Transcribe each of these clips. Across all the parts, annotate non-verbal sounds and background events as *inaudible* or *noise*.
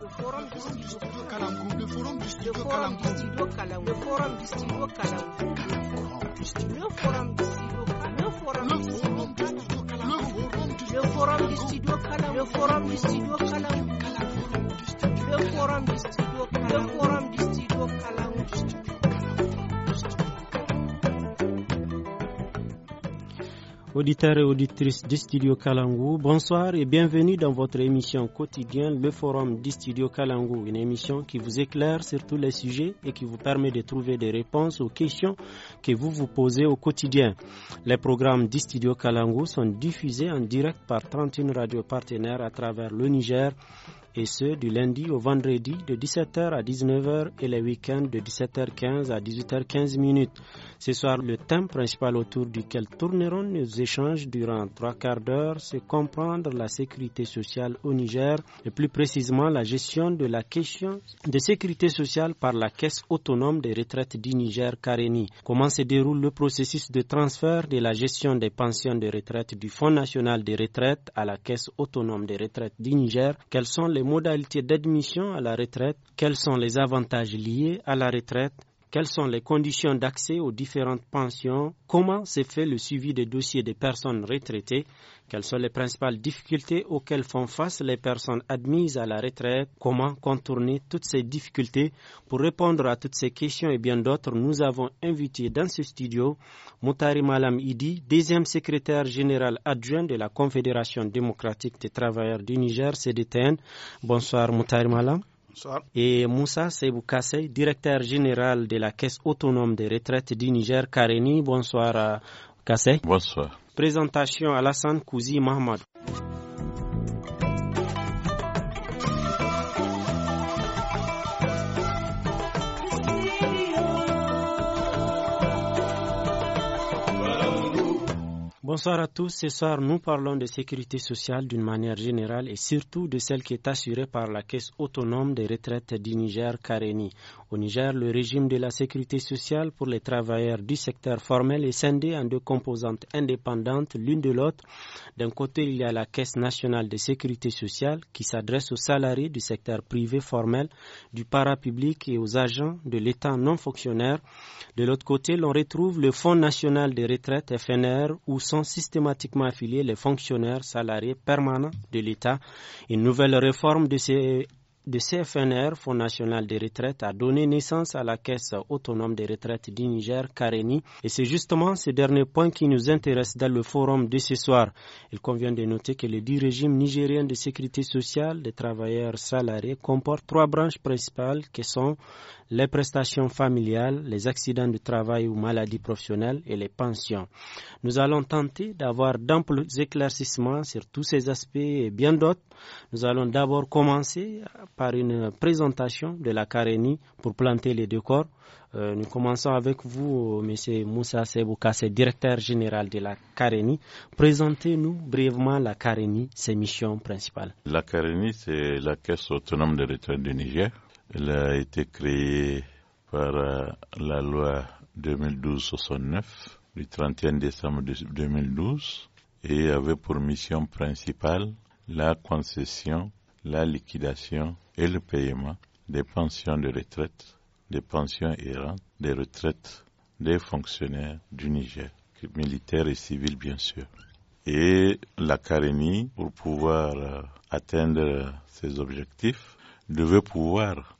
le forum du studio le forum du forum auditeurs et auditrices du studio Kalangou, bonsoir et bienvenue dans votre émission quotidienne Le Forum du studio Kalangou, une émission qui vous éclaire sur tous les sujets et qui vous permet de trouver des réponses aux questions que vous vous posez au quotidien. Les programmes du studio Kalangou sont diffusés en direct par 31 radios partenaires à travers le Niger, et ce du lundi au vendredi de 17h à 19h et les week-ends de 17h15 à 18h15 minutes. Ce soir, le thème principal autour duquel tourneront nos échanges durant trois quarts d'heure, c'est comprendre la sécurité sociale au Niger et plus précisément la gestion de la question de sécurité sociale par la Caisse autonome des retraites du Niger Kareni. Comment se déroule le processus de transfert de la gestion des pensions de retraite du Fonds national des retraites à la Caisse autonome des retraites du Niger Quels sont les les modalités d'admission à la retraite, quels sont les avantages liés à la retraite, quelles sont les conditions d'accès aux différentes pensions, comment se fait le suivi des dossiers des personnes retraitées, quelles sont les principales difficultés auxquelles font face les personnes admises à la retraite, comment contourner toutes ces difficultés. Pour répondre à toutes ces questions et bien d'autres, nous avons invité dans ce studio Moutari Malam Idi, deuxième secrétaire général adjoint de la Confédération démocratique des travailleurs du Niger, CDTN. Bonsoir Moutari Malam. Et Moussa Sebou directeur général de la Caisse autonome des retraites du Niger, Kareni. Bonsoir, euh, Kassey. Bonsoir. Présentation à Alassane Kouzi Mahmoud. Bonsoir à tous. Ce soir, nous parlons de sécurité sociale d'une manière générale et surtout de celle qui est assurée par la Caisse autonome des retraites du Niger, Kareni. Au Niger, le régime de la sécurité sociale pour les travailleurs du secteur formel est scindé en deux composantes indépendantes l'une de l'autre. D'un côté, il y a la Caisse nationale de sécurité sociale qui s'adresse aux salariés du secteur privé formel, du parapublic et aux agents de l'État non fonctionnaire. De l'autre côté, l'on retrouve le Fonds national des retraites FNR où sont systématiquement affiliés les fonctionnaires salariés permanents de l'État. Une nouvelle réforme de ces de CFNR, Fonds national des retraites, a donné naissance à la Caisse autonome des retraites du Niger, Kareni, et c'est justement ce dernier point qui nous intéresse dans le forum de ce soir. Il convient de noter que le deux régime nigérien de sécurité sociale des travailleurs salariés comporte trois branches principales qui sont les prestations familiales, les accidents de travail ou maladies professionnelles et les pensions. Nous allons tenter d'avoir d'amples éclaircissements sur tous ces aspects et bien d'autres. Nous allons d'abord commencer par une présentation de la Carénie pour planter les décors. corps. Euh, nous commençons avec vous, M. Moussa c'est directeur général de la Carénie. Présentez-nous brièvement la Carénie, ses missions principales. La Carénie, c'est la Caisse autonome de retraite du Niger elle a été créée par euh, la loi 2012-69 du 31 décembre 2012 et avait pour mission principale la concession, la liquidation et le paiement des pensions de retraite, des pensions errantes, des retraites des fonctionnaires du Niger, militaires et civils bien sûr. Et la Carénie, pour pouvoir euh, atteindre ses objectifs, devait pouvoir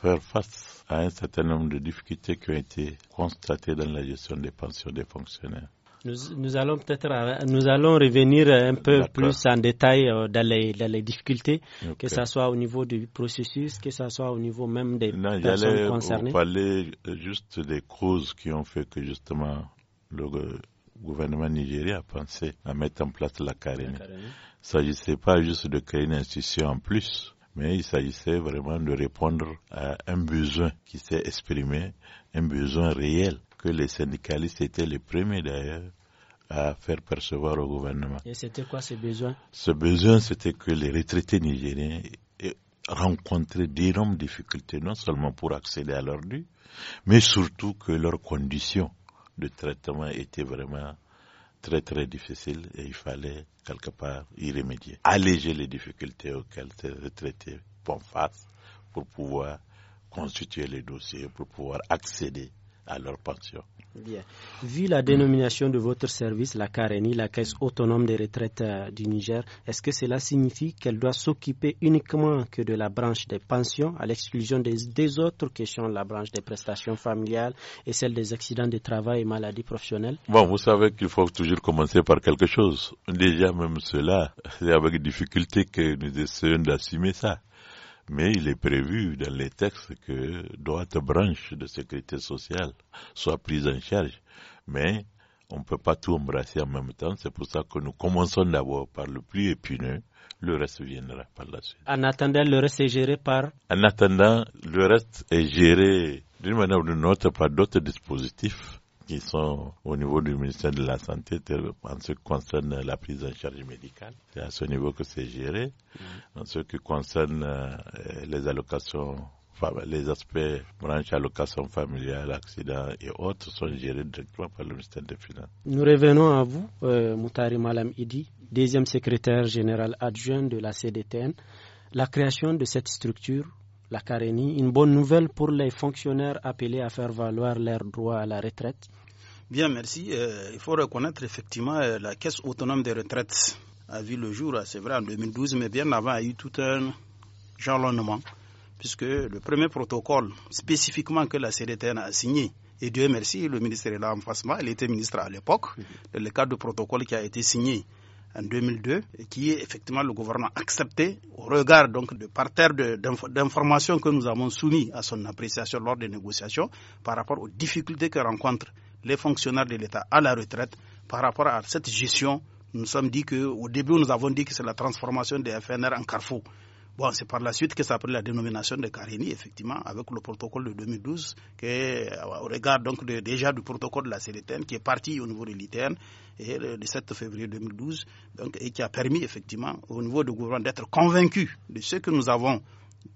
faire face à un certain nombre de difficultés qui ont été constatées dans la gestion des pensions des fonctionnaires. Nous, allons peut-être nous allons revenir un peu plus en détail euh, dans les, les difficultés, que ce soit au niveau du processus, que ce soit au niveau même des personnes concernées. Vous parler juste des causes qui ont fait que justement le gouvernement nigérien a pensé à mettre en place la carène. Il e. e ne s'agissait pas juste de créer une institution en plus, mais il s'agissait vraiment de répondre à un besoin qui s'est exprimé, un besoin réel que les syndicalistes étaient les premiers d'ailleurs à faire percevoir au gouvernement. Et c'était quoi ce besoin Ce besoin, c'était que les retraités nigériens rencontraient d'énormes difficultés, non seulement pour accéder à leur dû, mais surtout que leurs conditions de traitement étaient vraiment très très difficile et il fallait quelque part y remédier, alléger les difficultés auxquelles ces retraités font face pour pouvoir constituer les dossiers, pour pouvoir accéder à leur pension. Bien. Vu la dénomination de votre service, la CARENI, la Caisse autonome des retraites euh, du Niger, est-ce que cela signifie qu'elle doit s'occuper uniquement que de la branche des pensions, à l'exclusion des, autres questions, la branche des prestations familiales et celle des accidents de travail et maladies professionnelles Bon, vous savez qu'il faut toujours commencer par quelque chose. Déjà, même cela, *laughs* c'est avec difficulté que nous essayons d'assumer ça. Mais il est prévu dans les textes que d'autres branches de sécurité sociale soient prises en charge. Mais on ne peut pas tout embrasser en même temps. C'est pour ça que nous commençons d'abord par le plus épineux. Le reste viendra par la suite. En attendant, le reste est géré par En attendant, le reste est géré d'une manière ou d'une autre par d'autres dispositifs qui sont au niveau du ministère de la Santé en ce qui concerne la prise en charge médicale. C'est à ce niveau que c'est géré. Mhm. En ce qui concerne euh, les allocations les aspects branches allocations familiales, accidents et autres sont gérés directement par le ministère des Finances. Nous revenons à vous, euh, Moutari Malam Idi, deuxième secrétaire général adjoint de la CDTN. La création de cette structure la carénie, une bonne nouvelle pour les fonctionnaires appelés à faire valoir leurs droits à la retraite Bien, merci. Euh, il faut reconnaître effectivement euh, la Caisse autonome des retraites a vu le jour, c'est vrai, en 2012, mais bien avant, a eu tout un jalonnement, puisque le premier protocole spécifiquement que la CDTN a signé, et Dieu merci, le ministre est là en face, il était ministre à l'époque, mm-hmm. dans le cadre de protocole qui a été signé en 2002 et qui effectivement le gouvernement accepté au regard donc de parterre d'informations que nous avons soumis à son appréciation lors des négociations par rapport aux difficultés que rencontrent les fonctionnaires de l'État à la retraite par rapport à cette gestion nous sommes dit que, au début, nous avons dit que c'est la transformation des FNR en carrefour. Bon, c'est par la suite que ça a pris la dénomination de Karini, effectivement, avec le protocole de 2012, euh, au regard donc déjà du protocole de la CDTN qui est parti au niveau de l'ITN le, 7 février 2012, donc, et qui a permis effectivement au niveau du gouvernement d'être convaincu de ce que nous avons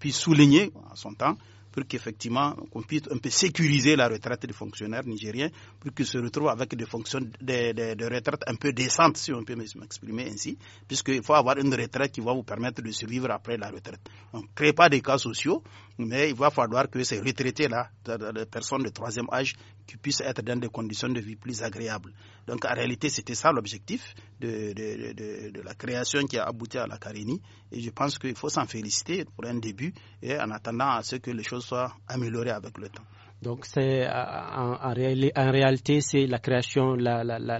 pu souligner à son temps, pour qu'effectivement on puisse un peu sécuriser la retraite des fonctionnaires nigériens pour qu'ils se retrouvent avec des fonctions des, des, retraites un peu décentes, si on peut m'exprimer ainsi, puisqu'il faut avoir une retraite qui va vous permettre de survivre après la retraite. On ne crée pas des cas sociaux, mais il va falloir que ces retraités-là, les personnes de troisième âge, puissent être dans des conditions de vie plus agréables. Donc en réalité, c'était ça l'objectif de, de, la création qui a abouti à la Carénie. Et je pense qu'il faut s'en féliciter pour un début et en attendant à ce que les choses soient améliorées avec le temps. Donc c'est euh, en, réalité c'est la création, la, la, la,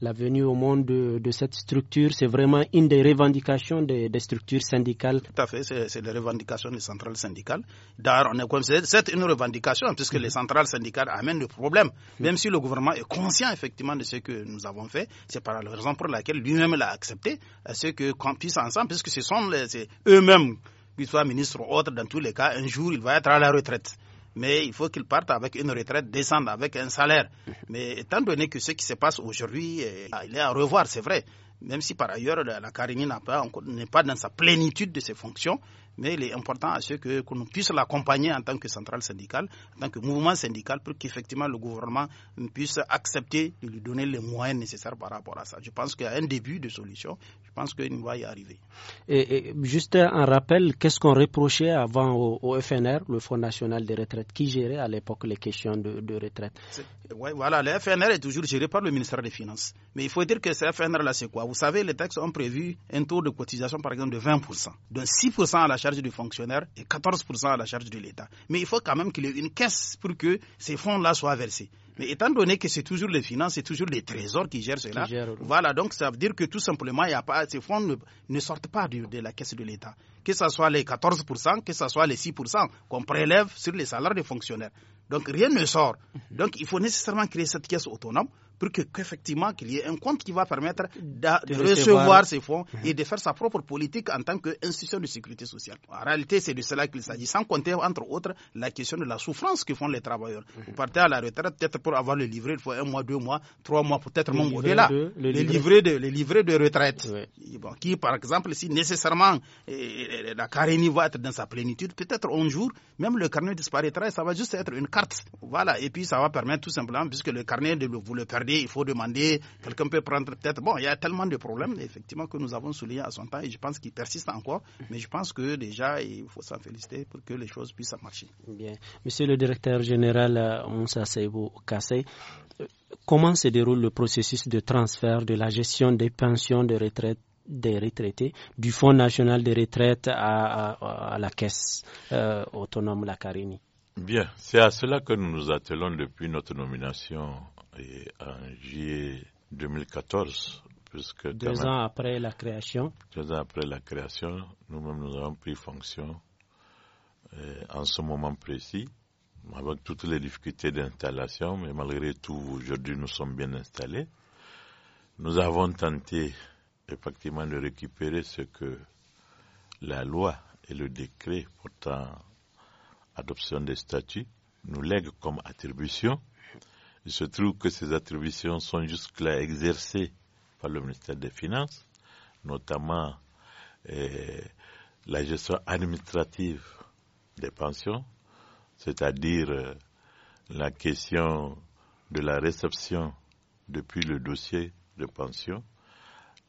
la, venue au monde de, cette structure. C'est vraiment une des revendications des, structures syndicales. Tout à fait, c'est les revendications des centrales syndicales. D'ailleurs, c'est une revendication puisque les mm-hmm. centrales syndicales amènent le problème. Mm-hmm. Même si le gouvernement est conscient effectivement de ce que nous avons fait, c'est par la raison pour laquelle lui-même l'a accepté, euh, ce que qu'on puisse ensemble, puisque ce sont eux-mêmes qu'ils soient ministres ou autres, dans tous les cas, un jour il va être à la retraite mais il faut qu'il parte avec une retraite descendre avec un salaire. Mmh. Mais étant donné que ce qui se passe aujourd'hui, eh, il est à revoir, c'est vrai. Même si par ailleurs la Carini n'est pas dans sa plénitude de ses fonctions, mais il est important à ce que, nous puissions l'accompagner en tant que centrale syndicale, en tant que mouvement syndical, pour qu'effectivement le gouvernement puisse accepter de lui donner les moyens nécessaires par rapport à ça. Je pense qu'il y a un début de solution, je pense qu'il va y arriver. Et, juste un rappel, qu'est-ce qu'on reprochait avant au, FNR, le Fonds national des retraites, qui gérait à l'époque les questions de, retraite voilà, le FNR est toujours géré par le ministère des Finances. Mais il faut dire que ce FNR-là, c'est quoi Vous savez, les textes ont prévu un taux de cotisation, par exemple, de 20%, de 6% à la charge du fonctionnaire et 14% à la charge de l'État. Mais il faut quand même qu'il y ait une caisse pour que ces fonds-là soient versés. Mais étant donné que c'est toujours les finances, c'est toujours les trésors qui gèrent cela, voilà, donc ça veut dire que tout simplement, a pas, ces fonds ne, sortent pas de, de, la caisse de l'État. Que ce soit les 14%, que ce soit les 6% qu'on prélève sur les salaires des fonctionnaires. Donc rien ne sort. Mhm. Donc il faut nécessairement créer cette caisse autonome pour qu'effectivement qu'il y ait un compte qui va permettre de, recevoir ces fonds hein. et de faire sa propre politique en tant qu'institution de sécurité sociale. En réalité, c'est de cela qu'il s'agit, sans compter entre autres la question de la souffrance que font les travailleurs. Hein. Vous partez à la retraite, peut-être pour avoir le livret, il faut un mois, deux mois, trois mois, peut-être même au-delà. Le livret de, les livrets de retraite, bon, qui par exemple, si nécessairement eh, eh, la carénie va être dans sa plénitude, peut-être un jour, même le carnet disparaîtra et ça va juste être une carte. Voilà, et puis ça va permettre tout simplement, puisque le carnet, vous le perdez il faut demander, quelqu'un peut prendre peut-être. Bon, il y a tellement de problèmes, effectivement, que nous avons soulignés à son temps et je pense qu'ils persistent encore. Mais je pense que déjà, il faut s'en féliciter pour que les choses puissent marcher. Bien. Monsieur le directeur général euh, Moussa Seibou Kassé, euh, comment se déroule le processus de transfert de la gestion des pensions de retraite des retraités du Fonds national des retraites à, la caisse euh, autonome La Carini Bien, c'est à cela que nous nous attelons depuis notre nomination et en juillet 2014, puisque... Deux ans après la création. Deux ans après la création, nous-mêmes nous avons pris fonction euh, en ce moment précis, avec toutes les difficultés d'installation, mais malgré tout, aujourd'hui nous sommes bien installés. Nous avons tenté effectivement de récupérer ce que la loi et le décret portant adoption des statuts nous lèguent comme attribution il se trouve que ces attributions sont jusque-là exercées par le ministère des Finances, notamment eh, la gestion administrative des pensions, c'est-à-dire eh, la question de la réception depuis le dossier de pension,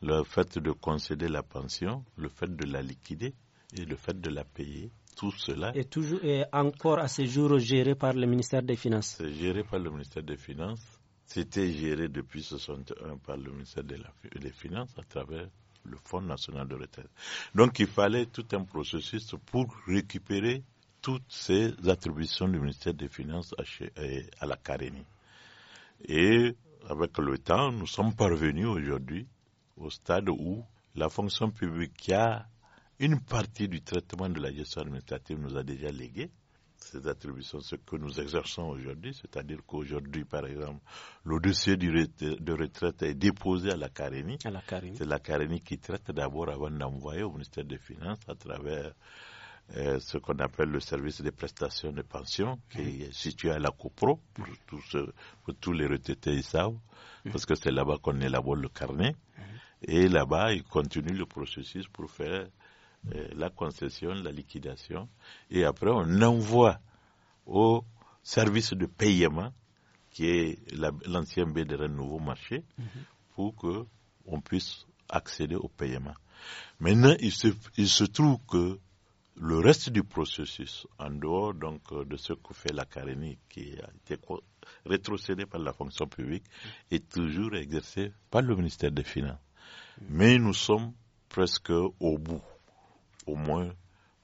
le fait de concéder la pension, le fait de la liquider et le fait de la payer tout cela est toujours encore à ce jour géré par le ministère des Finances. C'est géré par le ministère des Finances. C'était géré depuis 61 par le ministère des Finances à travers le Fonds national de retraite. Donc il fallait tout un processus pour récupérer toutes ces attributions du ministère des Finances à, à la Carénie. Et avec le temps, nous sommes parvenus aujourd'hui au stade où la fonction publique qui a une partie du traitement de la gestion administrative nous a déjà légué ces attributions, ce que nous exerçons aujourd'hui, c'est-à-dire qu'aujourd'hui, par exemple, le dossier de retraite est déposé à la Carénie. C'est la Carénie qui traite d'abord avant d'envoyer au ministère des Finances à travers euh, ce qu'on appelle le service des prestations de pension, qui est situé à la COPRO, pour, pour tous les retraités, ils parce que c'est là-bas qu'on élabore le carnet. Et là-bas, ils continuent le processus pour faire euh, la concession, la liquidation, et après on envoie au service de paiement, qui est l'ancien BDR Nouveau Marché, mhm. pour que on puisse accéder au paiement. Maintenant, il se, trouve que le reste du processus, en dehors donc de ce que fait la Carénie, qui a été rétrocédé par la fonction publique, mhm. est toujours exercé par le ministère des Finances. Mais nous sommes presque au bout au moins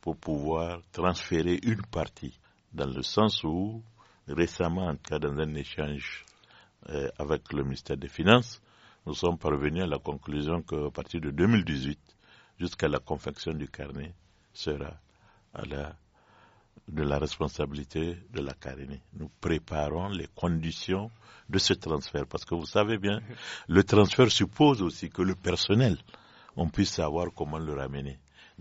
pour pouvoir transférer une partie, dans le sens où, récemment, en tout cas dans un échange euh, avec le ministère des Finances, nous sommes parvenus à la conclusion que à partir de 2018, jusqu'à la confection du carnet, sera à la, de la responsabilité de la carnée. Nous préparons les conditions de ce transfert, parce que vous savez bien, *laughs* le transfert suppose aussi que le personnel, on puisse savoir comment le ramener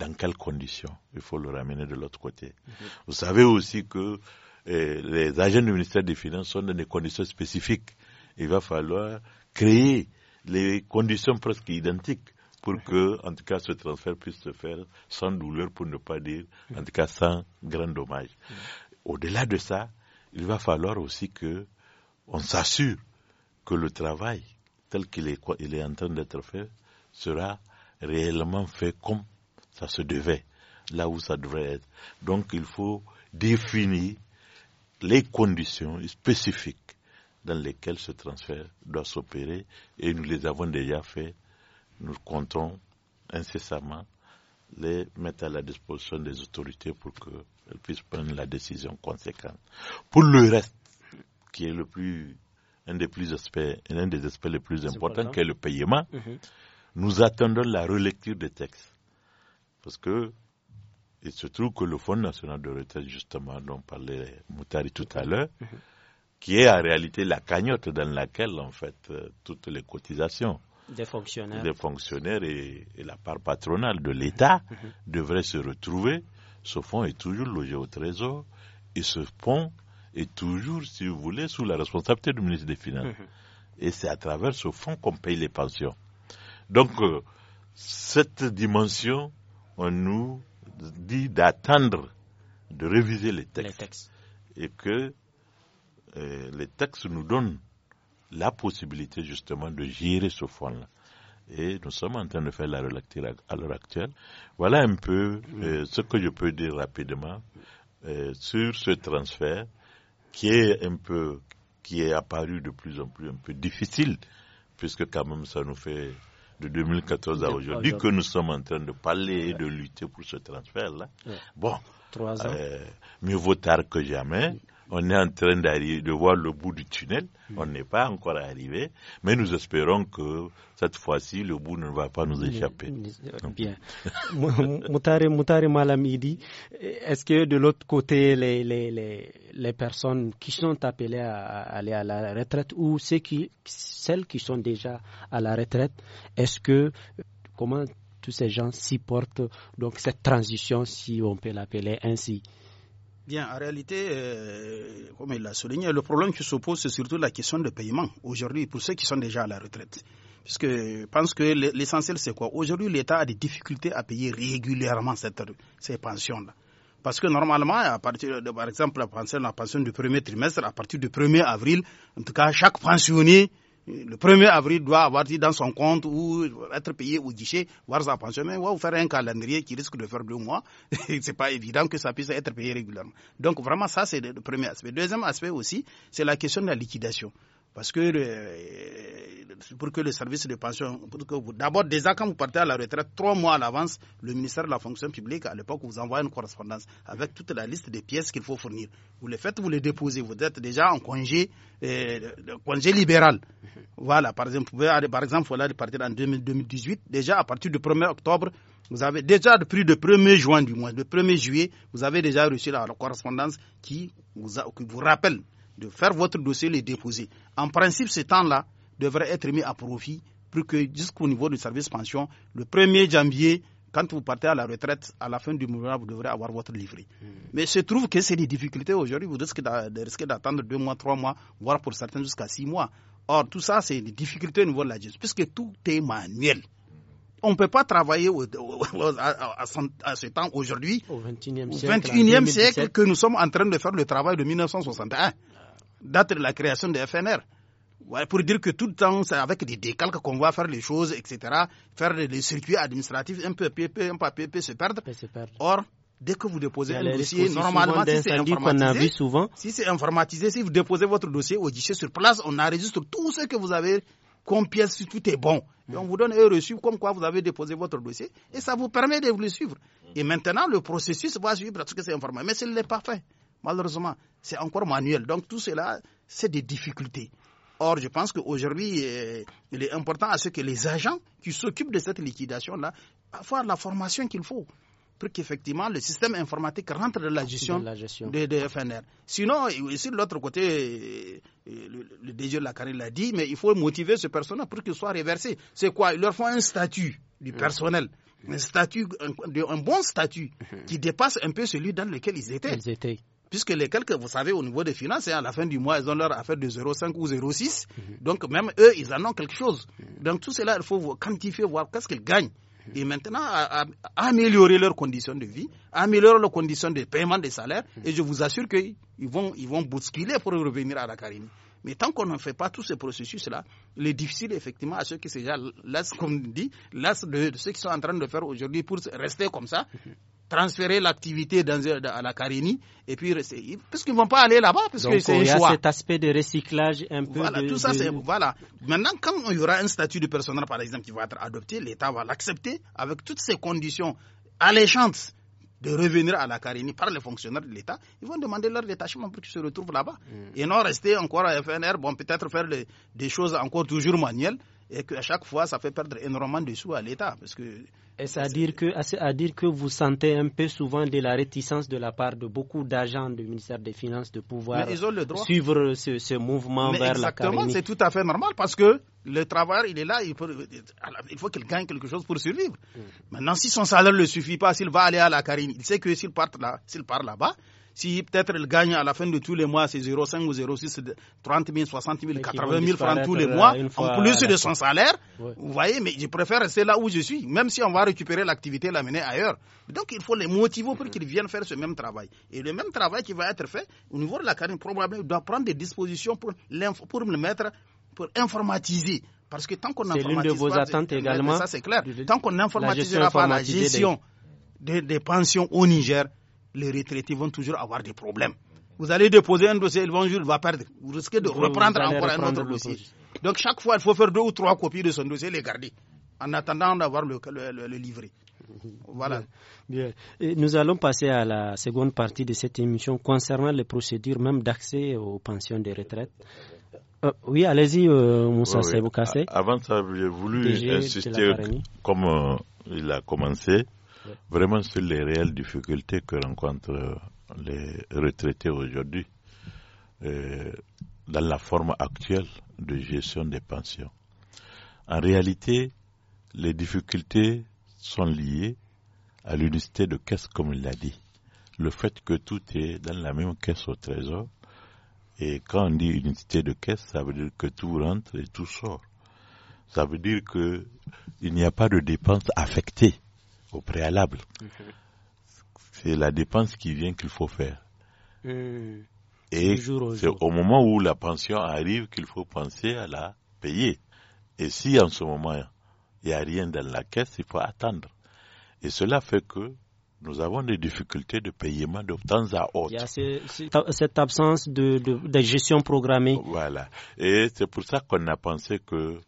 dans quelles conditions il faut le ramener de l'autre côté. Mhm. Vous savez aussi que eh, les agents du ministère des Finances sont dans des conditions spécifiques. Il va falloir créer les conditions presque identiques pour que, en tout cas, ce transfert puisse se faire sans douleur, pour ne pas dire, mhm. en tout cas, sans grand dommage. Mhm. Au-delà de ça, il va falloir aussi que on s'assure que le travail tel qu'il est, il est en train d'être fait sera réellement fait comme ça se devait là où ça devrait être. Donc il faut définir les conditions spécifiques dans lesquelles ce transfert doit s'opérer et nous les avons déjà fait. Nous comptons incessamment les mettre à la disposition des autorités pour qu'elles puissent prendre la décision conséquente. Pour le reste, qui est le plus, un des plus aspects, un des aspects les plus importants, qui est le paiement, mhm. nous attendons la relecture des textes parce que il se trouve que le Fonds national de retraite, justement, dont parlait Moutari tout à l'heure, mhm. qui est en réalité la cagnotte dans laquelle, en fait, euh, toutes les cotisations des fonctionnaires, et, la part patronale de l'État devrait mhm. devraient se retrouver. Ce fonds est toujours logé au Trésor et ce fonds est toujours, si vous voulez, sous la responsabilité du ministre des Finances. Mhm. Et c'est à travers ce fonds qu'on paye les pensions. Donc, euh, cette dimension on nous dit d'attendre, de réviser les textes. Et que euh, les textes nous donnent la possibilité justement de gérer ce fonds-là. Et nous sommes en train de faire la relecture à l'heure actuelle. Voilà un peu euh, ce que je peux dire rapidement euh, sur ce transfert qui est un peu, qui est apparu de plus en plus un peu difficile, puisque quand même ça nous fait de 2014 à aujourd'hui que nous sommes en train de parler et de lutter pour ce transfert-là. Bon, Trois euh, mieux vaut tard que jamais on est en train de voir le bout du tunnel. Mm. On n'est pas encore arrivé, mais nous espérons que cette fois-ci, le bout ne va pas nous mm. échapper. Mm. Bien. Moutare, Moutare est-ce que de l'autre côté, les, personnes qui sont appelées à aller à la retraite ou celles qui sont déjà à la retraite, est-ce que, comment tous ces gens s'y portent, donc cette transition, si on peut l'appeler ainsi Bien, en réalité, euh, comme il l'a souligné, le problème qui se pose, c'est surtout la question de paiement aujourd'hui pour ceux qui sont déjà à la retraite. Puisque je pense que l'essentiel, c'est quoi Aujourd'hui, l'État a des difficultés à payer régulièrement cette, ces pensions-là. Parce que normalement, à partir de, par exemple, la pension, la pension du premier trimestre, à partir du 1er avril, en tout cas, chaque pensionné le 1er avril doit avoir dit dans son compte ou être payé au guichet, voir sa pension, mais ou faire un calendrier qui risque de faire deux mois, n'est *laughs* pas évident que ça puisse être payé régulièrement. Donc vraiment ça c'est le premier aspect. Deuxième aspect aussi, c'est la question de la liquidation. Parce que euh, pour que le service de pension, d'abord déjà quand vous partez à la retraite, trois mois à l'avance, le ministère de la fonction publique à l'époque vous envoie une correspondance avec toute la liste des pièces qu'il faut fournir. Vous les faites, vous les déposez, vous êtes déjà en congé, euh, congé libéral. Voilà, par exemple, vous pouvez, par exemple, voilà, partir en 2018, déjà à partir du 1er octobre, vous avez déjà depuis le 1er juin du mois, le 1er juillet, vous avez déjà reçu la correspondance qui vous, qui vous rappelle de faire votre dossier, les déposer. En principe, ce temps-là devrait être mis à profit pour que jusqu'au niveau du service pension, le 1er janvier, quand vous partez à la retraite, à la fin du mois, vous devrez avoir votre livret. Hmm. Mais il se trouve que c'est des difficultés aujourd'hui. Vous risquez d'attendre deux mois, trois mois, voire pour certains jusqu'à six mois. Or, tout ça, c'est des difficultés au niveau de la justice, puisque tout est manuel. On ne peut pas travailler à, ce temps aujourd'hui, au 21e siècle que nous sommes en train de faire le travail de 1961 date de la création de FNR. pour dire que tout le temps, c'est avec des décalques qu'on va faire les choses, etc. Faire les circuits administratifs, un peu peu, un peu se perdre. Se perdre. Or, dès que vous déposez un dossier, normalement, si c'est informatisé, souvent. si c'est informatisé, si vous déposez votre dossier au guichet sur place, on enregistre tout ce que vous avez comme pièce, si tout est bon. on vous donne un reçu comme quoi vous avez déposé votre dossier et ça vous permet de vous le suivre. Et maintenant, le processus va suivre parce que c'est informatisé, mais ce n'est pas fait. Malheureusement, c'est encore manuel. Donc tout cela, c'est des difficultés. Or, je pense qu'aujourd'hui, eh, il est important à ce que les agents qui s'occupent de cette liquidation-là aient la formation qu'il faut pour qu'effectivement le système informatique rentre dans la gestion, Des, FNR. Sinon, ici de l'autre côté, eh, le, DG Lacaré l'a dit, mais il faut motiver ce personnel pour qu'il soit réversé. C'est quoi Ils leur faut un statut du mmh. personnel. Un, statut, un, bon statut mmh. qui dépasse un peu celui dans lequel ils étaient. Ils étaient puisque les quelques, vous savez, au niveau des finances, hein, à la fin du mois, ils ont leur affaire de 0,5 ou 0,6. Mhm. Donc, même eux, ils en ont quelque chose. Mhm. Donc, tout cela, il faut quantifier, voir qu'est-ce qu'ils gagnent. Et maintenant, améliorer leurs conditions de vie, améliorer leurs conditions de paiement des salaires. Mhm. Et je vous assure qu'ils vont, ils vont bousculer pour revenir à la Carimie. Mais tant qu'on ne fait pas tous ces processus-là, il est difficile effectivement à ceux qui se laissent, comme dit, de, ceux qui sont en train de faire aujourd'hui pour rester comme ça transférer l'activité dans, à la Carini, et puis parce ne vont pas aller là-bas, parce que c'est un Il y a cet aspect de recyclage un peu. Voilà, de, tout ça, c'est. Voilà. Maintenant, quand il y aura un statut de personnel, par exemple, qui va être adopté, l'État va l'accepter avec toutes ces conditions alléchantes de revenir à la Carini par les fonctionnaires de l'État, ils vont demander leur détachement pour qu'ils se retrouvent là-bas. Mm. Et non rester encore à FNR, bon, peut-être faire des choses encore toujours manuelles, et qu'à chaque fois, ça fait perdre énormément de sous à l'État. Parce que c'est à dire que, à dire que vous sentez un peu souvent de la réticence de la part de beaucoup d'agents du ministère des Finances de pouvoir suivre ce, mouvement vers exactement, la Exactement, c'est tout à fait normal parce que le travail, il est là, il, faut qu'il gagne quelque chose pour survivre. Mm. Maintenant, si son salaire ne suffit pas, s'il va aller à la Carine, il sait que s'il part là-bas, là s'il part là bas si peut-être il gagne à la fin de tous les mois, c'est 0,5 ou 0,6, 30 000, 60 000, 80 000 francs tous les euh, mois, en plus de son salaire. Vous voyez, mais je préfère rester là où je suis, même si on va récupérer l'activité, l'amener ailleurs. Donc il faut les motiver pour qu'ils viennent faire ce même travail. Et le même travail qui va être fait au niveau de la carrière, probablement, doit prendre des dispositions pour, pour le mettre, pour informatiser. Parce que tant qu'on informatise l'une de vos attentes également. Ça, c'est clair. Tant qu'on n'informatisera pas la gestion des pensions au Niger, les retraités vont toujours avoir des problèmes. Vous allez déposer un dossier, le vont va perdre. Vous risquez de reprendre encore un autre dossier. Donc chaque fois, il faut faire deux ou trois copies de son dossier et les garder en attendant d'avoir le, livret. Voilà. nous allons passer à la seconde partie de cette émission concernant les procédures même d'accès aux pensions de retraite. Euh, oui, allez-y, euh, Moussa oui, oui. Avant ça, j'ai voulu insister, comme euh, il a commencé, vraiment sur les réelles difficultés que rencontrent les retraités aujourd'hui euh, dans la forme actuelle de gestion des pensions. En réalité, les difficultés sont liées à l'unité de caisse, comme il l'a dit. Le fait que tout est dans la même caisse au trésor, et quand on dit unité de caisse, ça veut dire que tout rentre et tout sort. Ça veut dire qu'il n'y a pas de dépenses affectées au préalable. C'est la dépense qui vient qu'il faut faire. Euh, Et c'est au moment où la pension arrive qu'il faut penser à la payer. Et si en ce moment il n'y a rien dans la caisse, il faut attendre. Et cela fait que nous avons des difficultés de paiement de temps à autre. Il y a cette absence de, gestion programmée. Voilà. Et c'est pour ça qu'on a pensé que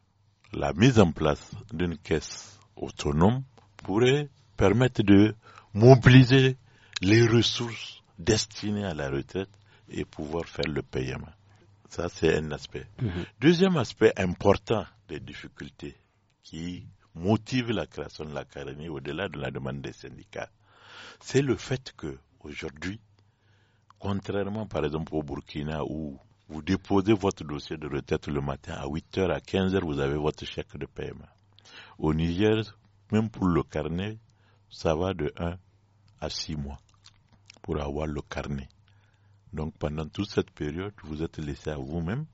la mise en place d'une caisse autonome pourrait permettre de mobiliser les ressources destinées à la retraite et pouvoir faire le paiement. Ça, c'est un aspect. Mhm. Deuxième aspect important des difficultés qui motive la création de la carrière au-delà de la demande des syndicats, c'est le fait que aujourd'hui, contrairement par exemple au Burkina où vous déposez votre dossier de retraite le matin à 8h, à 15h, vous avez votre chèque de paiement. Au Niger, même pour le carnet, ça va de 1 à 6 mois pour avoir le carnet. Donc pendant toute cette période, vous êtes laissé à vous-même.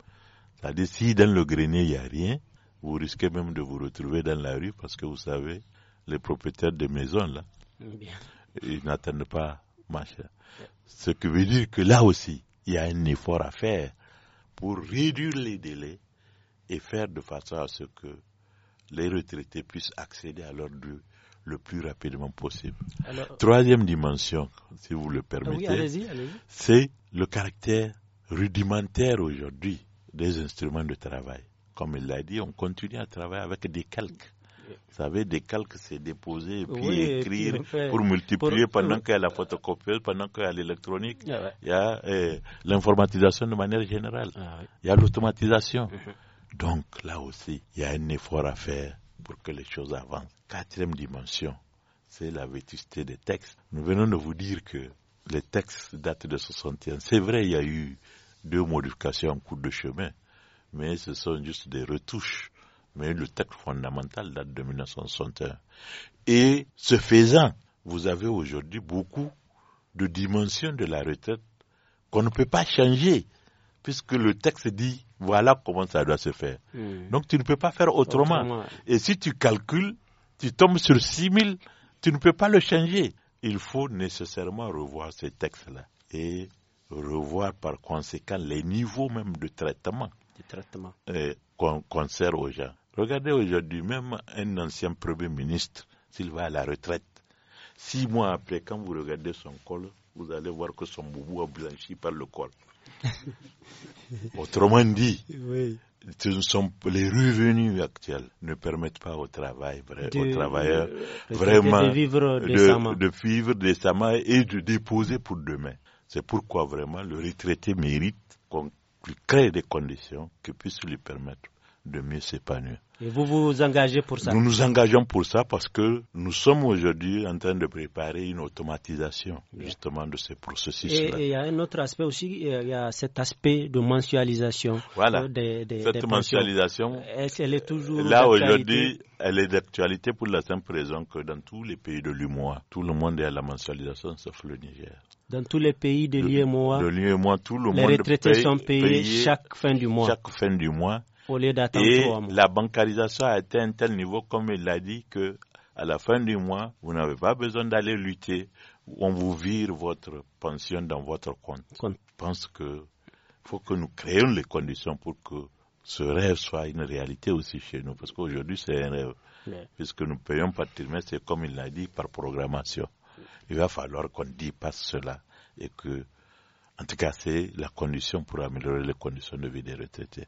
C'est-à-dire si dans le grenier, il n'y a rien, vous risquez même de vous retrouver dans la rue parce que vous savez, les propriétaires de maisons, là, ils n'attendent pas machin. Ce qui veut dire que là aussi, il y a un effort à faire pour réduire les délais et faire de façon à ce que les retraités puissent accéder à l'ordre le plus rapidement possible. Troisième dimension, si vous le ah permettez, c'est le caractère rudimentaire aujourd'hui des instruments de travail. Comme il l'a dit, on continue à travailler avec des calques. Vous savez, des calques, c'est déposer, puis écrire, pour multiplier pendant qu'il y a la photocopieuse, pendant qu'il y a l'électronique. Ah il y a euh, l'informatisation de manière générale. Ah il y a l'automatisation. Uh-huh. Donc là aussi, il y a un effort à faire pour que les choses avancent. Quatrième dimension, c'est la vétusté des textes. Nous venons de vous dire que les textes datent de 61. C'est vrai, il y a eu deux modifications en cours de chemin, mais ce sont juste des retouches. Mais le texte fondamental date de 1961. Et ce faisant, vous avez aujourd'hui beaucoup de dimensions de la retraite qu'on ne peut pas changer, puisque le texte dit voilà comment ça doit se faire. Hmm. Donc tu ne peux pas faire autrement. Et si tu calcules, tu tombes sur 6 000, tu ne peux pas le changer. Il faut nécessairement revoir ces textes-là et revoir par conséquent les niveaux même de traitement, euh, qu'on sert aux gens. Regardez aujourd'hui, même un ancien Premier ministre, s'il va à la retraite, six mois après, quand vous regardez son col, vous allez voir que son boubou a blanchi par le col. *laughs* Autrement dit, les revenus actuels ne permettent pas au travail, aux travailleurs vraiment de vivre, de vivre décemment et de déposer pour demain. C'est pourquoi vraiment le retraité mérite qu'on crée des conditions qui puissent lui permettre de mieux s'épanouir. Et vous vous engagez pour ça Nous nous engageons pour ça parce que nous sommes aujourd'hui en train de préparer une automatisation justement de ces processus-là. Et il y a un autre aspect aussi, il y a cet aspect de mensualisation. Voilà. Euh, des, cette mensualisation, elle est toujours là aujourd'hui, elle est d'actualité pour la simple raison que dans tous les pays de l'UMOA, tout le monde est à la mensualisation sauf le Niger. Dans tous les pays de l'UMOA, tout le les monde retraités paye, sont payés, chaque fin du mois. Chaque fin du mois et la bancarisation a atteint un tel niveau, comme il l'a dit, que à la fin du mois, vous n'avez pas besoin d'aller lutter. On vous vire votre pension dans votre compte. Je pense que faut que nous créions les conditions pour que ce rêve soit une réalité aussi chez nous. Parce qu'aujourd'hui, c'est un rêve. Puisque nous payons par c'est comme il l'a dit, par programmation. Il va falloir qu'on dépasse cela et que en tout cas, c'est la condition pour améliorer les conditions de vie des retraités.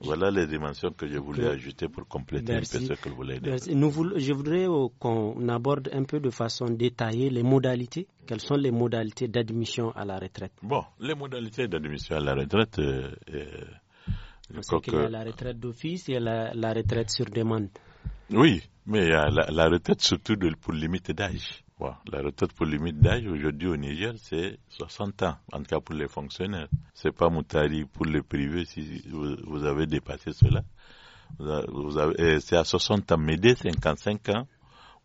Voilà les dimensions que je voulais ajouter pour compléter un ce que vous voulez dire. Merci. Nous je voudrais euh, qu'on aborde un peu de façon détaillée les modalités. Quelles sont les modalités d'admission à la retraite Bon, les modalités d'admission à la retraite. Euh, y a la retraite d'office et la, retraite sur demande. Oui, mais il y a la retraite surtout pour limite d'âge la retraite pour limite d'âge aujourd'hui au Niger, c'est 60 ans, en tout cas pour les fonctionnaires. C'est pas Moutari pour les privés si vous, avez dépassé cela. Euh, c'est à 60 ans, mais dès 55 ans,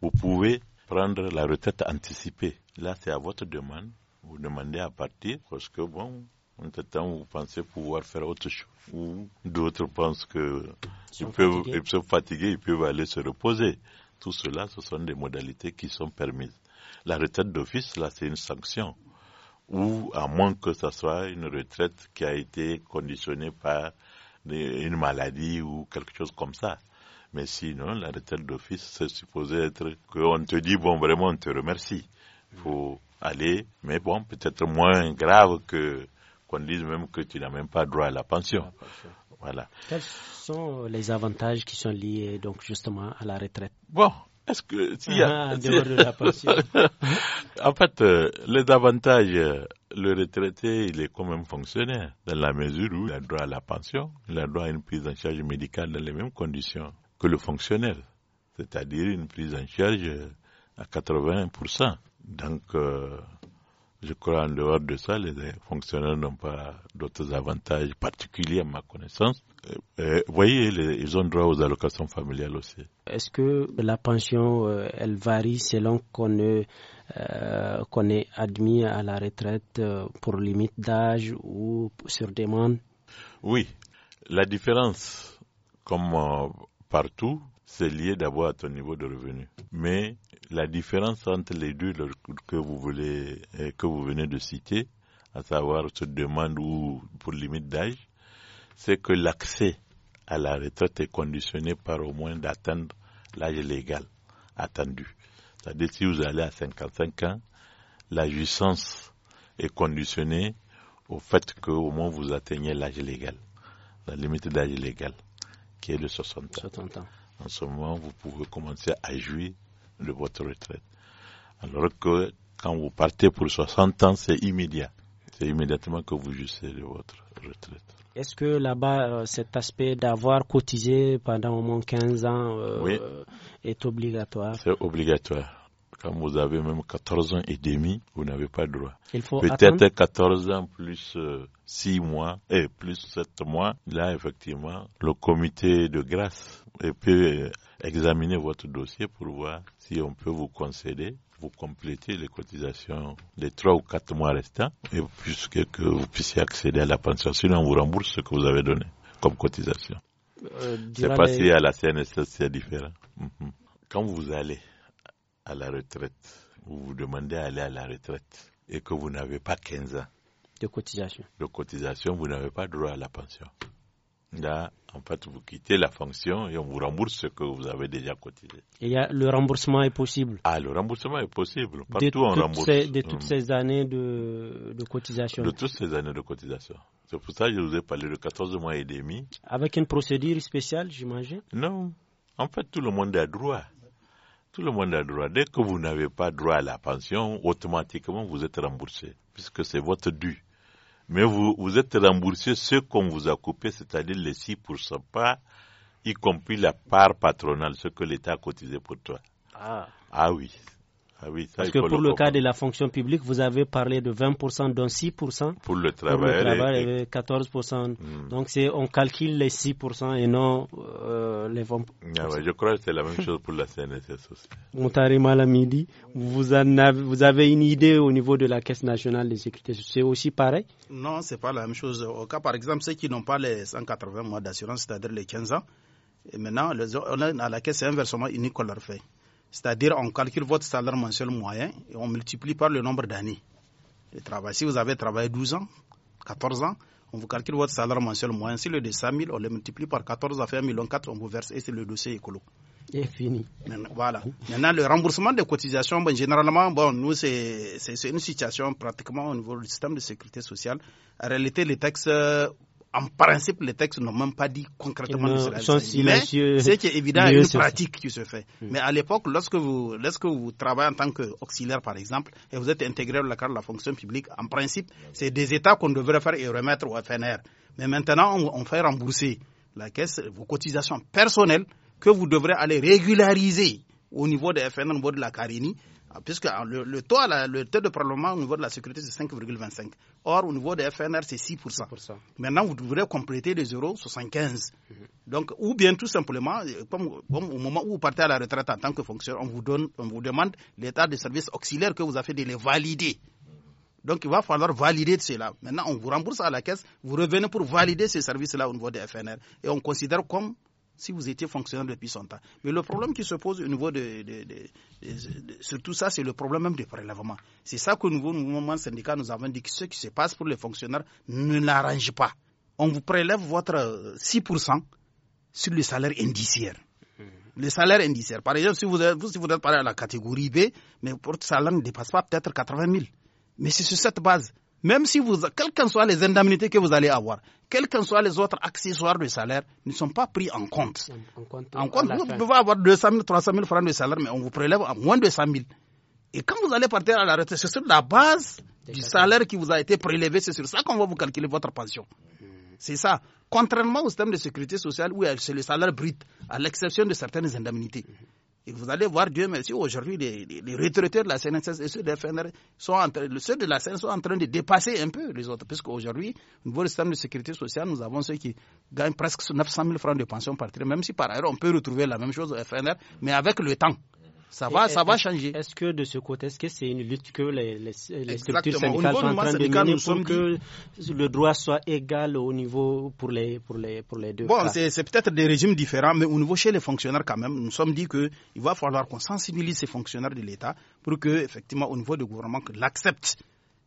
vous pouvez prendre la retraite anticipée. Là, c'est à votre demande. Vous demandez à partir parce que, bon, entre temps, vous pensez pouvoir faire autre chose. Ou d'autres pensent qu'ils peuvent, ils peuvent fatiguer, ils peuvent aller se reposer. Tout cela, ce sont des modalités qui sont permises. La retraite d'office, là, c'est une sanction. Ou à moins que ce soit une retraite qui a été conditionnée par une maladie ou quelque chose comme ça. Mais sinon, la retraite d'office, c'est supposé être qu'on te dit, bon, vraiment, on te remercie. Il faut aller, mais bon, peut-être moins grave que qu'on dise même que tu n'as même pas droit à La pension. Quels sont les avantages qui sont liés donc justement à la retraite Bon, est-ce que en fait, euh, les avantages, euh, le retraité, il est quand même fonctionnaire, dans la mesure où il a droit à la pension, il a droit à une prise en charge médicale dans les mêmes conditions que le fonctionnaire, c'est-à-dire une prise en charge à 80%. Donc, euh, je crois en dehors de ça, les fonctionnaires n'ont pas d'autres avantages particuliers à ma connaissance. Euh, euh, vous voyez, ils ont droit aux allocations familiales aussi. Est-ce que la pension, euh, elle varie selon qu'on est, qu'on est admis à la retraite pour limite d'âge ou sur demande Oui, la différence, comme partout, c'est lié d'abord à ton niveau de revenu. Mais la différence entre les deux que vous voulez, euh, que vous venez de citer, à savoir cette demande ou pour limite d'âge, c'est que l'accès à la retraite est conditionné par au moins d'atteindre l'âge légal attendu. C'est-à-dire si vous allez à 55 ans, la jouissance est conditionnée au fait que au moins vous atteignez l'âge légal, la limite d'âge légal, qui est de 60 60 ans en ce moment, vous pouvez commencer à jouir de votre retraite. Alors que quand vous partez pour 60 ans, c'est immédiat. C'est immédiatement que vous jouissez de votre retraite. Est-ce que là-bas, euh, cet aspect d'avoir cotisé pendant au moins 15 ans euh, est obligatoire C'est obligatoire. Quand vous avez même 14 ans et demi, vous n'avez pas le droit. Peut-être 14 ans plus 6 euh, mois et plus 7 mois. Là, effectivement, le comité de grâce euh, peut euh, examiner votre dossier pour voir si on peut vous concéder vous compléter les cotisations des trois ou quatre mois restants et puisque que vous puissiez accéder à la pension. Sinon, on vous rembourse ce que vous avez donné comme cotisation. C'est Je ne sais pas si à la CNSS c'est différent. Mhm. Quand vous allez à la retraite, vous vous demandez à aller à la retraite et que vous n'avez pas 15 ans de cotisation, de cotisation vous n'avez pas droit à la pension. Là, en fait, vous quittez la fonction et on vous rembourse ce que vous avez déjà cotisé. Et le remboursement est possible Ah, le remboursement est possible. Partout, on rembourse. de toutes hum. ces années de, de, cotisation De toutes ces années de cotisation. C'est pour ça que je vous ai parlé de 14 mois et demi. Avec une procédure spéciale, j'imagine Non. En fait, tout le monde a droit. Tout le monde a droit. Dès que vous n'avez pas droit à la pension, automatiquement vous êtes remboursé, puisque c'est votre dû. Mais vous, vous êtes remboursé ce qu'on vous a coupé, c'est-à-dire les 6%, pas, y compris la part patronale, ce que l'État a cotisé pour toi. Ah, ah oui. Ah Parce que pour le, cas de la fonction publique, vous avez parlé de 20%, dont 6%. Pour le travail. le travail, 14%. Hmm. Donc on calcule les 6% et non euh, les 20%. Ah je crois que c'est la même *laughs* chose pour la CNSS aussi. Montari Malamidi, vous, avez, vous avez une idée au niveau de la Caisse nationale de sécurité C'est aussi pareil Non, ce n'est pas la même chose. Au cas, par exemple, ceux qui n'ont pas les 180 mois d'assurance, c'est-à-dire les 15 ans, et maintenant, on a, à la Caisse, c'est un versement unique qu'on leur fait. C'est-à-dire, on calcule votre salaire mensuel moyen et on multiplie par le nombre d'années de travail. Si vous avez travaillé 12 ans, 14 ans, on vous calcule votre salaire mensuel moyen. Si le de 5 000, on le multiplie par 14, ça fait 1 on vous verse et c'est le dossier écolo. Et fini. voilà. Maintenant, le remboursement des cotisations, généralement, bon, nous, c'est une situation pratiquement au niveau du système de sécurité sociale. En réalité, les textes euh, en principe, les textes n'ont même pas dit concrètement cela Mais c'est qui est évident, une pratique qui se fait. Hmm. Mais à l'époque, lorsque vous, lorsque vous travaillez en tant qu'auxiliaire, par exemple, et vous êtes intégré dans la cadre de la fonction publique, en principe, c'est des états qu'on devrait faire et remettre au FNR. Mais maintenant, on, fait rembourser la caisse, vos cotisations personnelles que vous devrez aller régulariser au niveau des FNR, au niveau de la Carini, ah, puisque ah, le, taux, le taux de parlement au niveau de la sécurité, c'est 5,25. Or, au niveau des FNR, c'est 6%. Maintenant, vous devrez compléter les euros 75. Mm-hmm. Donc, ou bien tout simplement, euh, au moment où vous partez à la retraite en tant que fonctionnaire, on vous, donne, on vous demande l'état de services auxiliaires que vous avez fait de les valider. Mm-hmm. Donc, il va falloir valider cela. Maintenant, on vous rembourse à la caisse, vous revenez pour valider ces services-là au niveau des FNR. Et on considère comme si vous étiez fonctionnaire depuis son temps. Mais le problème qui se pose au niveau de, sur tout ça, c'est le problème même du prélèvement. C'est ça que nous, nous, mouvement syndical, nous avons dit que ce qui se passe pour les fonctionnaires ne l'arrange pas. On vous prélève votre 6% euh, sur le salaire indiciaire. Mmh. Le salaire indiciaire. Par exemple, si vous êtes, vous, si à la catégorie B, mais votre salaire ne dépasse pas peut-être 80 000. Mais c'est sur cette base même si vous, quelles que soient les indemnités que vous allez avoir, quels que soient les autres accessoires de salaire, ne sont pas pris en compte. En compte, vous pouvez avoir 200 000, 300 000 francs de salaire, mais on vous prélève à moins de 100 000. Et quand vous allez partir à la retraite, c'est sur la base du salaire qui vous a été prélevé, c'est sur ça qu'on va vous calculer votre pension. Hmm. C'est ça. Contrairement au système de sécurité sociale où c'est le salaire brut, à l'exception de certaines indemnités. Hmm vous allez voir, Dieu merci, aujourd'hui, les, retraités de la CNSS et ceux de, FNR sont ceux de la CNSS sont en train de dépasser un peu les autres, Parce qu'aujourd'hui, au niveau du système de sécurité sociale, nous avons ceux qui gagnent presque 900 000 francs de pension par trimestre, même si par ailleurs, on peut retrouver la même chose au FNR, mais avec le temps. Ça va, ça va changer. Est-ce que de ce côté, est-ce que c'est une lutte que les, structures syndicales sont en train de mener pour que le droit soit égal au niveau pour les, pour les, deux Bon, c'est peut-être des régimes différents, mais au niveau chez les fonctionnaires quand même, nous sommes dit qu'il va falloir qu'on sensibilise ces fonctionnaires de l'État pour que, effectivement, au niveau du gouvernement, l'acceptent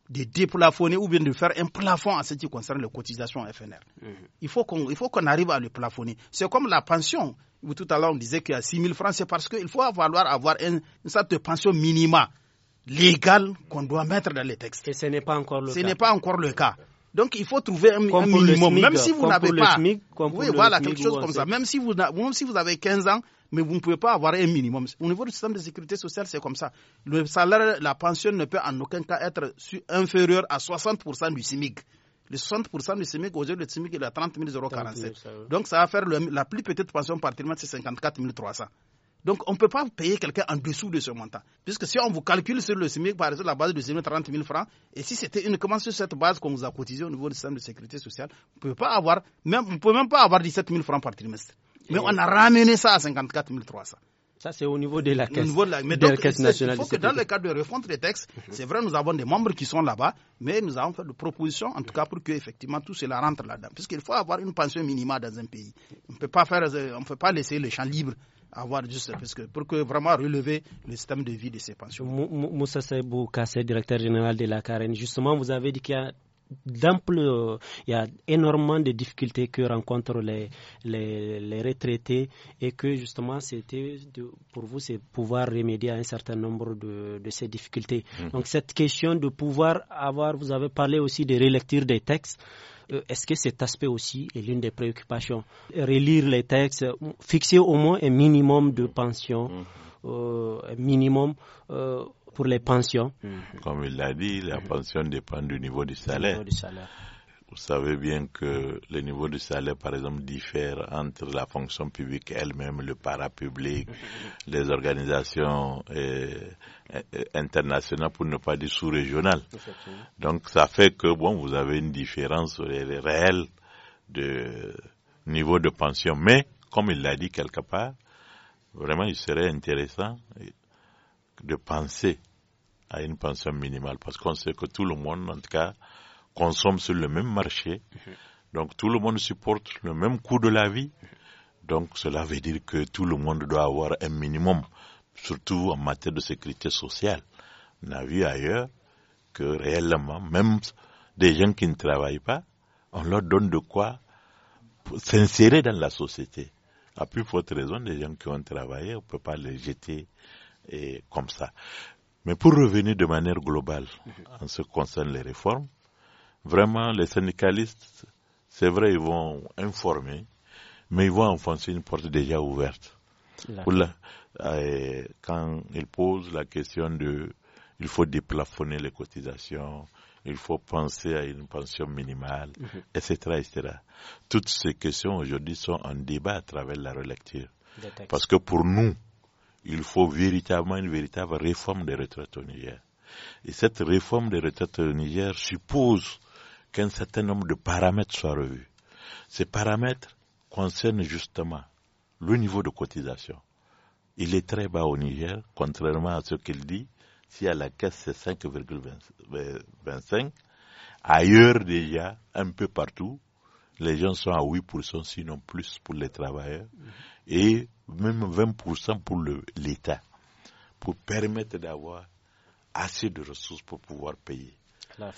de déplafonner ou bien de faire un plafond en ce qui concerne les cotisations FNR. Mhm. Il faut qu'on arrive à le plafonner. C'est comme la pension. Tout à l'heure, on disait qu'il y a 6 000 francs. C'est parce qu'il faut avoir une, sorte de pension minima légale qu'on doit mettre dans les textes. Et ce n'est pas encore le cas. Ce n'est pas encore le cas. Donc il faut trouver un, minimum, même si vous n'avez pas. oui, voilà, quelque chose comme ça. Même si, même si vous avez 15 ans, mais vous ne pouvez pas avoir un minimum. Au niveau du système de sécurité sociale, c'est comme ça. Le salaire, la pension ne peut en aucun cas être inférieur à 60% du SMIC. Le 60% du SMIC, aujourd'hui, le SMIC, est à 30 000 euros Donc, ça va faire la plus petite pension par trimestre, c'est 54 300. Donc, on ne peut pas payer quelqu'un en dessous de ce montant. Puisque si on vous calcule sur le SMIC, par exemple, la base du SMIC, 30 000 francs, et si c'était uniquement sur cette base qu'on vous a cotisé au niveau du système de sécurité sociale, on ne peut même pas avoir 17 000 francs par trimestre. Mais eh. on a ramené ça à 54 300. Ça, c'est au niveau de la caisse, mais Il faut que dans le cadre de refonte des textes, c'est vrai, nous avons des membres qui sont là-bas, mais nous avons fait des propositions, en tout cas, pour que effectivement tout cela rentre là-dedans. Puisqu'il faut avoir une pension minimale dans un pays. On ne euh, peut pas laisser le champ libre avoir juste pour vraiment relever le système de vie de ces pensions. Moussa Sebou Kassé, directeur général de la Carène, justement, vous avez dit qu'il y a D'ample, il y a énormément de difficultés que rencontrent les, les, retraités et que justement c'était pour vous c'est pouvoir remédier à un certain nombre de, ces difficultés. Mmh. Donc cette question de pouvoir avoir, vous avez parlé aussi de relecture des textes. Euh, est-ce que cet aspect aussi est l'une des préoccupations Relire les textes, fixer au moins un minimum de pension, mmh. euh, un minimum. Euh, pour les pensions. Mhm. Comme il l'a dit, la mhm. pension dépend du niveau du salaire. Vous savez bien que le niveau du salaire, par exemple, diffère entre la fonction publique elle-même, le parapublic, mhm. les organisations eh, eh, internationales, pour ne pas dire sous-régionales. Donc, ça fait que, bon, vous avez une différence réelle de niveau de pension. Mais, comme il l'a dit quelque part, vraiment, il serait intéressant de penser à une pension minimale parce qu'on sait que tout le monde, en tout cas, consomme sur le même marché. Mhm. Donc tout le monde supporte le même coût de la vie. Mhm. Donc cela veut dire que tout le monde doit avoir un minimum, surtout en matière de sécurité sociale. On a vu ailleurs que réellement, même des gens qui ne travaillent pas, on leur donne de quoi s'insérer dans la société. a plus forte raison, des gens qui ont travaillé, on ne peut pas les jeter comme ça. Mais pour revenir de manière globale en ce qui concerne les réformes, vraiment les syndicalistes, c'est vrai, ils vont informer, mais ils vont enfoncer une porte déjà ouverte. Euh, quand ils posent la question de il faut déplafonner les cotisations, il faut penser à une pension minimale, etc., mhm. etc. Toutes ces questions aujourd'hui sont en débat à travers la relecture. Parce que pour nous, il faut véritablement une véritable réforme des retraites au Niger. Et cette réforme des retraites au Niger suppose qu'un certain nombre de paramètres soient revus. Ces paramètres concernent justement le niveau de cotisation. Il est très bas au Niger, contrairement à ce qu'il dit. Si à la caisse c'est 5,25, ailleurs déjà, un peu partout, les gens sont à 8%, sinon plus pour les travailleurs. Et même 20% pour l'État, pour permettre d'avoir assez de ressources pour pouvoir payer. Mm.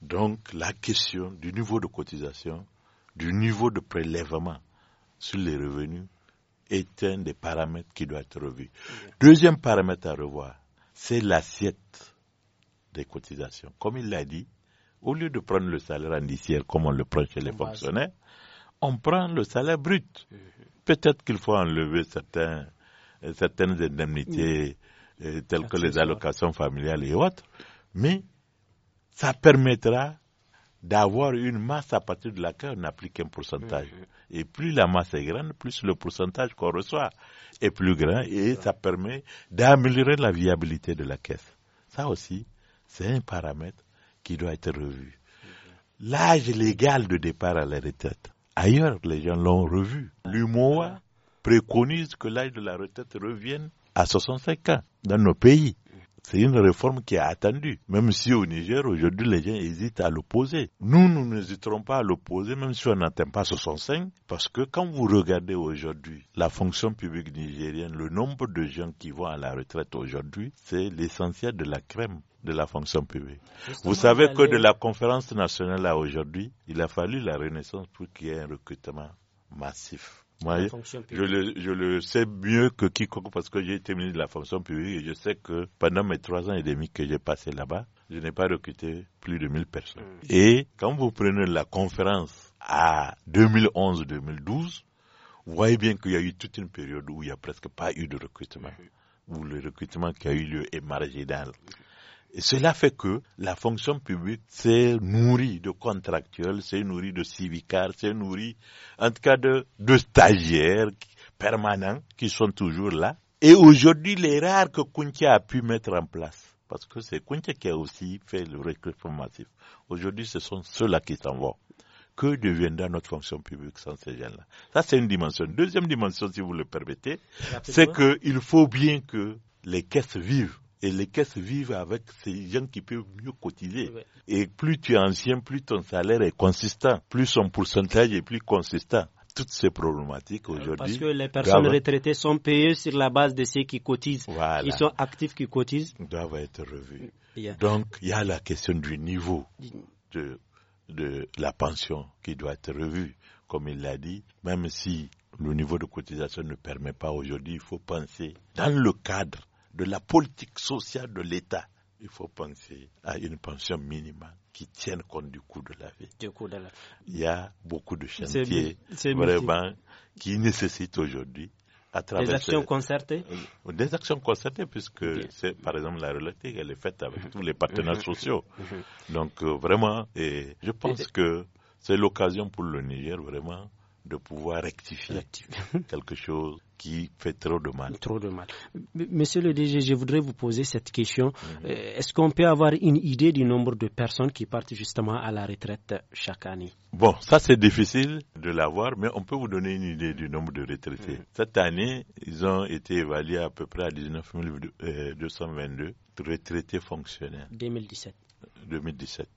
Donc la question du niveau de cotisation, du niveau de prélèvement sur les revenus est un des paramètres qui doit être revu. Deuxième paramètre à revoir, c'est l'assiette des cotisations. Comme il l'a dit, au lieu de prendre le salaire indiciaire comme on le prend chez les fonctionnaires, on prend le salaire brut. Mm-hmm peut-être qu'il faut enlever euh, certaines indemnités euh, telles que les allocations familiales et autres, mais ça permettra d'avoir une masse à partir de laquelle on applique un pourcentage. Et plus la masse est grande, plus le pourcentage qu'on reçoit est plus grand et ça permet d'améliorer la viabilité de la caisse. Ça aussi, c'est un paramètre qui doit être revu. L'âge légal de départ à la retraite ailleurs, les gens l'ont revu. L'UMOA préconise que l'âge de la retraite revienne à 65 ans dans nos pays. C'est une réforme qui est attendue. Même si au Niger, aujourd'hui, les gens hésitent à l'opposer. Nous, nous n'hésiterons pas à l'opposer, même si on n'atteint pas 65, parce que quand vous regardez aujourd'hui la fonction publique nigérienne, le nombre de gens qui vont à la retraite aujourd'hui, c'est l'essentiel de la crème de la fonction publique. vous savez que de la conférence nationale à aujourd'hui, il a fallu la renaissance pour qu'il y ait un recrutement massif. Moi, je le, sais mieux que quiconque parce que j'ai été ministre de la fonction publique et je sais que pendant mes trois ans et demi que j'ai passé là-bas, je n'ai pas recruté plus de 1000 personnes. Hmm. Et quand vous prenez la conférence à 2011-2012, vous voyez bien qu'il y a eu toute une période où il n'y a presque pas eu de recrutement, hmm. où le recrutement qui a eu lieu est marginal. Hmm. Et cela fait que la fonction publique s'est nourrie de contractuels, s'est nourrie de civicards, s'est nourrie en tout cas de, stagiaires permanents qui sont toujours là. Et aujourd'hui, les rares que Kuntia a pu mettre en place, parce que c'est Kuntia qui a aussi fait le recrutement massif, aujourd'hui ce sont ceux-là qui s'en vont. Que deviendra notre fonction publique sans ces gens-là Ça, c'est une dimension. Deuxième dimension, si vous le permettez, c'est e e. qu'il faut bien que les caisses vivent et les caisses vivent avec ces gens qui peuvent mieux cotiser. Et plus tu es ancien, plus ton salaire est consistant, plus son pourcentage est plus consistant toutes ces problématiques aujourd'hui. Parce que les personnes retraitées sont payées sur la base de ceux qui cotisent, ils sont actifs qui cotisent. Doivent être revus. Donc, il y a la question du niveau de, de la pension qui doit être revue, comme il l'a dit, même si le niveau de cotisation ne permet pas aujourd'hui, il faut penser dans le cadre de la politique sociale de l'État, il faut penser à une pension minimale qui tienne compte du coût de la vie. Il y a beaucoup de chantiers vraiment qui nécessitent aujourd'hui à travers des actions concertées euh, Des actions concertées, puisque c'est par exemple la relative, elle est faite avec mhm. tous les partenaires mhm. sociaux. Mhm. Donc euh, vraiment, et je pense que c'est l'occasion pour le Niger vraiment de pouvoir rectifier. quelque chose qui fait trop de mal. Trop de mal. Monsieur le DG, je voudrais vous poser cette question. Mhm. Euh, est-ce qu'on peut avoir une idée du nombre de personnes qui partent justement à la retraite chaque année Bon, ça c'est difficile de l'avoir, mais on peut vous donner une idée du nombre de retraités. Mhm. Cette année, ils ont été évalués à peu près à 19 222 euh, retraités fonctionnaires. 2017. 2017.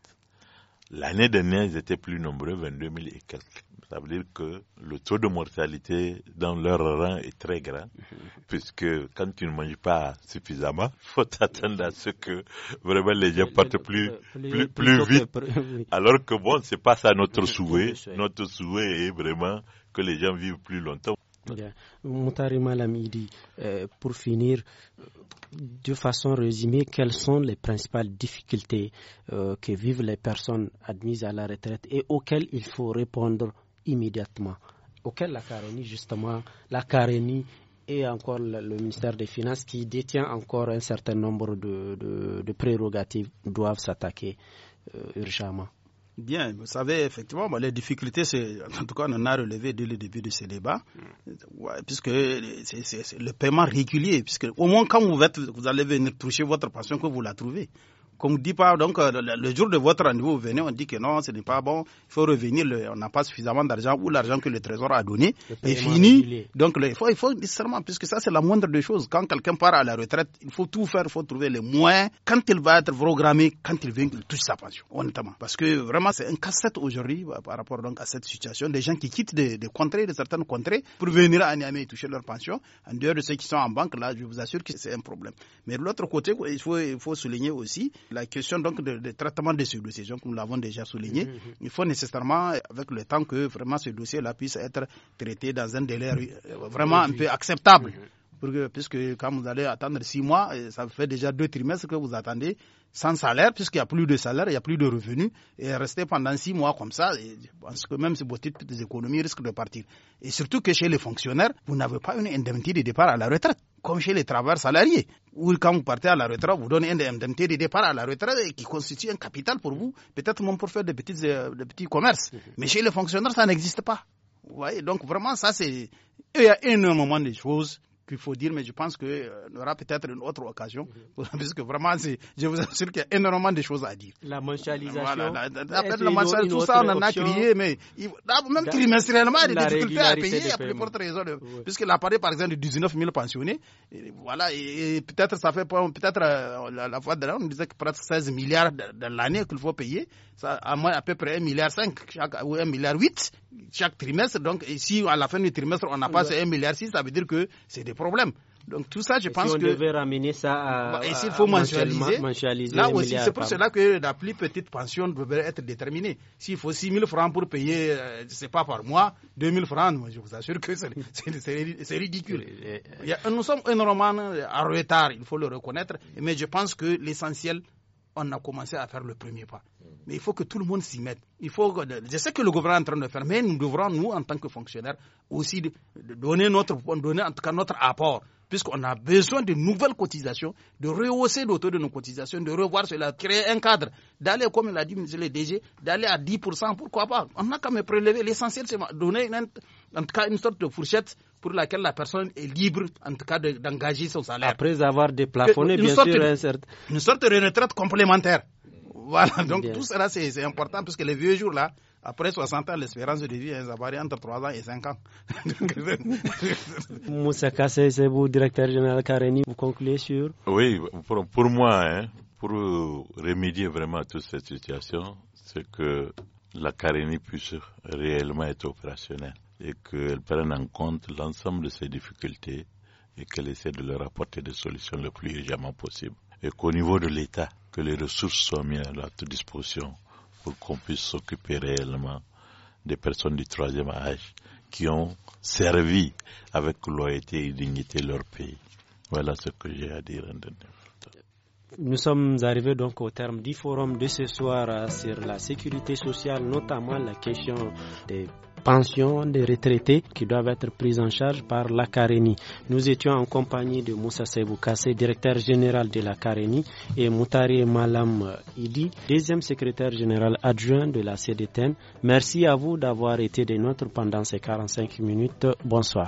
L'année dernière, ils étaient plus nombreux, 22 000 et quelques. Ça veut dire que le taux de mortalité dans leur rang est très grand, mhm. puisque quand tu ne manges pas suffisamment, il faut attendre à ce que vraiment les gens partent plus, euh, vite. *laughs* Alors que bon, c'est pas ça notre *laughs* souhait. Notre souhait est vraiment que les gens vivent plus longtemps. Moutari Malamidi, euh, pour finir, de façon résumée, quelles sont les principales difficultés euh, que vivent les personnes admises à la retraite et auxquelles il faut répondre immédiatement. Auquel la Carénie, justement, la Carénie et encore le ministère des Finances qui détient encore un certain nombre de, prérogatives doivent s'attaquer euh, urgentement Bien, vous savez, effectivement, les difficultés, c'est, en tout cas, on en a relevé dès le début de ce débat, puisque c'est, le paiement régulier, puisque au moins quand vous, vous allez venir toucher votre pension, que vous la trouvez. Qu'on ne dit pas, donc, euh, le jour de votre rendez-vous, vous venez, on dit que non, ce n'est pas bon, il faut revenir, on n'a pas suffisamment d'argent ou l'argent que le Trésor a donné est fini. Donc, il, faut, il faut nécessairement, puisque ça, c'est la moindre des choses. Quand quelqu'un part à la retraite, il faut tout faire, il faut trouver les moyens. Quand il va être programmé, quand il vient, il touche sa pension, honnêtement. Parce que vraiment, c'est un casse-tête aujourd'hui bah, par rapport donc, à cette situation. Des gens qui quittent des, contrées, de certaines contrées, pour venir à Niamey et toucher leur pension, en dehors de ceux qui sont en banque, là, je vous assure que c'est un problème. Mais de l'autre côté, il faut, il faut souligner aussi la question donc de, traitement de ce dossier, comme nous l'avons déjà souligné, mm-hmm, mm-hmm. il faut nécessairement, avec le temps, que vraiment ce dossier-là puisse être traité dans un délai euh, vraiment un peu acceptable. Mm-hmm. Pour que, puisque quand vous allez attendre six mois, ça fait déjà deux trimestres que vous attendez sans salaire, puisqu'il n'y a plus de salaire, il n'y a plus de revenus, et rester pendant six mois comme ça, je pense que même ces petites économies risquent de partir. Et surtout que chez les fonctionnaires, vous n'avez pas une indemnité de départ à la retraite comme chez les travailleurs salariés, où quand vous partez à la retraite, vous donnez un indemnité de départ à la retraite qui constitue un capital pour vous, peut-être même pour faire des, petits euh, des petits commerces. Mhm. Mais chez les fonctionnaires, ça n'existe pas. Vous donc vraiment, ça, c'est. Il y a énormément de choses qu'il faut dire, mais je pense qu'il y euh, aura peut-être une autre occasion, mhm. *laughs* parce que vraiment, je vous assure qu'il y a énormément de choses à dire. La mensualisation. Voilà, la, la, mensualisation, tout ça, on en a crié, mais il, même trimestriellement, il y a des difficultés à payer, à plus forte raison. oui. Puisqu'il a parlé, par exemple, de 19 000 pensionnés, voilà, et, peut-être ça fait, peut-être euh, la, la fois de là, on disait que presque 16 milliards de, l'année qu'il faut payer, ça, à, moins, à peu près 1 milliard 5 ou 1 milliard 8 chaque trimestre. Donc, si à la fin du trimestre, on n'a pas ouais. milliard 1,6 milliard, ça veut dire que c'est des problèmes. Donc, tout ça, je pense si on que. devait ramener ça à. Bah, et s'il faut mensualiser, Là aussi, c'est pour cela que la plus petite pension devrait être déterminée. S'il faut 6 000 francs pour payer, euh, je ne sais pas, par mois, 2 000 francs, moi, je vous assure que c'est ridicule. nous sommes un roman en retard, il faut le reconnaître, mais je pense que l'essentiel, on a commencé à faire le premier pas. Mm. Mais il faut que tout le monde s'y mette. Il faut je sais que le gouvernement est en train de faire, mais nous devrons, nous, en tant que fonctionnaires, aussi donner, notre, donner en tout cas notre apport, puisqu'on a besoin de nouvelles cotisations, de rehausser le taux de nos cotisations, de revoir cela, créer un cadre, d'aller, comme l'a dit M. le DG, d'aller à 10%, pourquoi pas On a quand même prélevé, l'essentiel, c'est donner en tout cas une sorte de fourchette pour laquelle la personne est libre, en tout cas, d'engager son salaire. Après avoir déplafonné, bien sûr, Une sorte de retraite complémentaire. Voilà, donc tout cela, c'est important, parce que les vieux jours, là, après 60 ans, l'espérance de vie est variée entre 3 ans et 5 ans. *laughs* *laughs* Moussa Kassé, c'est vous, directeur général Kareni, vous concluez sur Oui, pour, moi, hein, pour euh, remédier vraiment à toute cette situation, c'est que la Kareni puisse réellement être opérationnelle et qu'elle prenne en compte l'ensemble de ces difficultés et qu'elle essaie de leur apporter des solutions le plus légèrement possible. Et qu'au niveau de l'État, que les ressources soient mises à notre disposition pour qu'on puisse s'occuper réellement des personnes du troisième âge qui ont servi avec loyauté et dignité leur pays. Voilà ce que j'ai à dire. Nous sommes arrivés donc au terme du forum de ce soir euh, sur la sécurité sociale, notamment la question des Pension des retraités qui doivent être prises en charge par la Carénie. Nous étions en compagnie de Moussa Seboukassé, directeur général de la Carénie, et Moutari Malam Idi, deuxième secrétaire général adjoint de la CDTN. Merci à vous d'avoir été des nôtres pendant ces 45 minutes. Bonsoir.